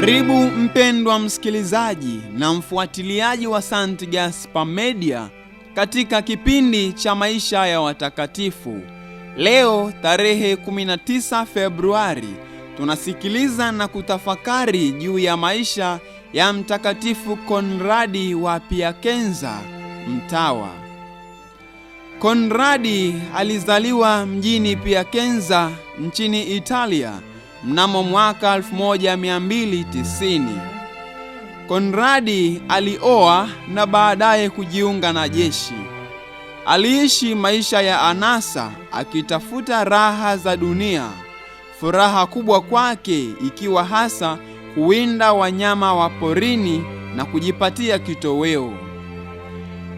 Karibu mpendwa msikilizaji na mfuatiliaji wa St. Gaspar Media katika kipindi cha maisha ya watakatifu. Leo tarehe 19 Februari tunasikiliza na kutafakari juu ya maisha ya Mtakatifu Konradi wa Piakenza mtawa. Konradi alizaliwa mjini Piakenza nchini Italia mnamo mwaka 1290. Konradi alioa na baadaye kujiunga na jeshi. Aliishi maisha ya anasa akitafuta raha za dunia, furaha kubwa kwake ikiwa hasa kuwinda wanyama wa porini na kujipatia kitoweo.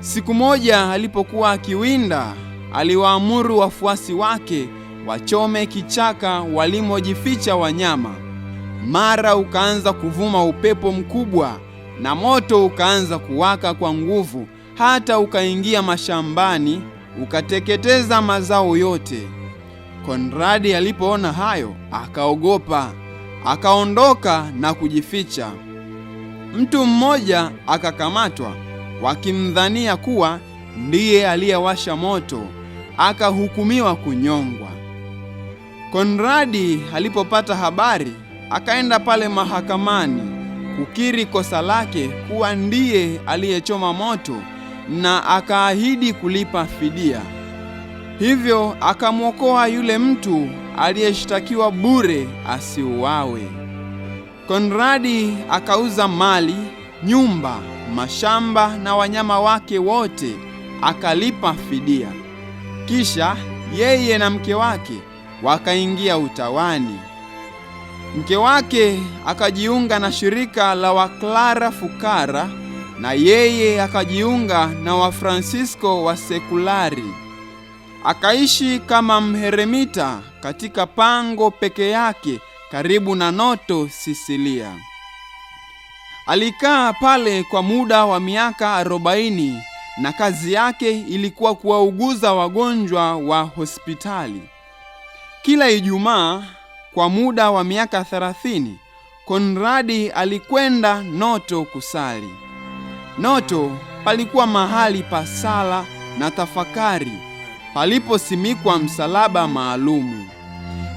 Siku moja alipokuwa akiwinda, aliwaamuru wafuasi wake wachome kichaka walimojificha wanyama. Mara ukaanza kuvuma upepo mkubwa, na moto ukaanza kuwaka kwa nguvu, hata ukaingia mashambani ukateketeza mazao yote. Konradi alipoona hayo akaogopa, akaondoka na kujificha. Mtu mmoja akakamatwa, wakimdhania kuwa ndiye aliyewasha moto, akahukumiwa kunyongwa. Konradi alipopata habari, akaenda pale mahakamani kukiri kosa lake kuwa ndiye aliyechoma moto na akaahidi kulipa fidia. Hivyo akamwokoa yule mtu aliyeshtakiwa bure asiuawe. Konradi akauza mali, nyumba, mashamba na wanyama wake wote akalipa fidia. Kisha yeye na mke wake wakaingia utawani. Mke wake akajiunga na shirika la Waklara Fukara na yeye akajiunga na Wafransisko wa sekulari. Akaishi kama mheremita katika pango peke yake karibu na Noto, Sisilia. Alikaa pale kwa muda wa miaka arobaini na kazi yake ilikuwa kuwauguza wagonjwa wa hospitali. Kila Ijumaa kwa muda wa miaka thelathini Konradi alikwenda Noto kusali. Noto palikuwa mahali pa sala na tafakari paliposimikwa msalaba maalumu,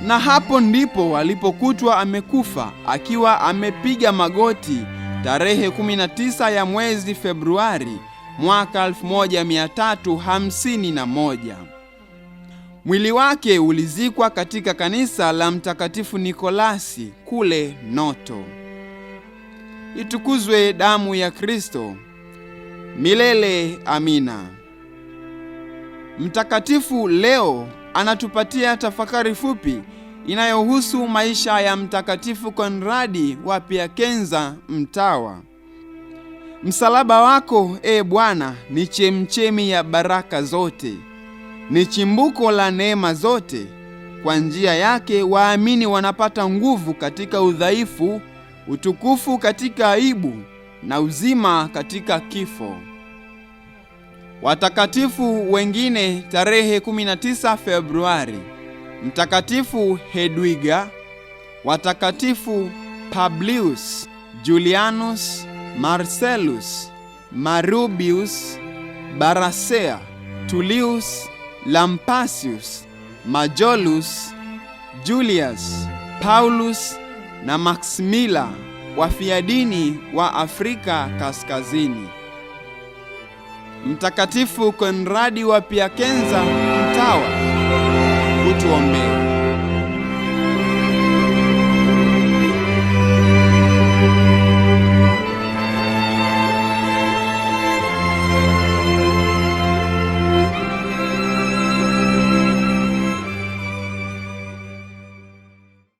na hapo ndipo alipokutwa amekufa akiwa amepiga magoti tarehe 19 ya mwezi Februari mwaka 1351. Mwili wake ulizikwa katika kanisa la Mtakatifu Nikolasi kule Noto. Itukuzwe damu ya Kristo! Milele amina. Mtakatifu leo anatupatia tafakari fupi inayohusu maisha ya Mtakatifu Konradi wa Piakenza mtawa. Msalaba wako, e Bwana, ni chemchemi ya baraka zote ni chimbuko la neema zote. Kwa njia yake waamini wanapata nguvu katika udhaifu, utukufu katika aibu na uzima katika kifo. Watakatifu wengine tarehe 19 Februari: Mtakatifu Hedwiga, watakatifu Publius Julianus, Marcellus, Marubius, Barasea, tulius Lampasius, Majolus, Julius, Paulus na Maksimila, wafiadini wa Afrika Kaskazini. Mtakatifu Konradi wa Piakenza, mtawa, hutuombea.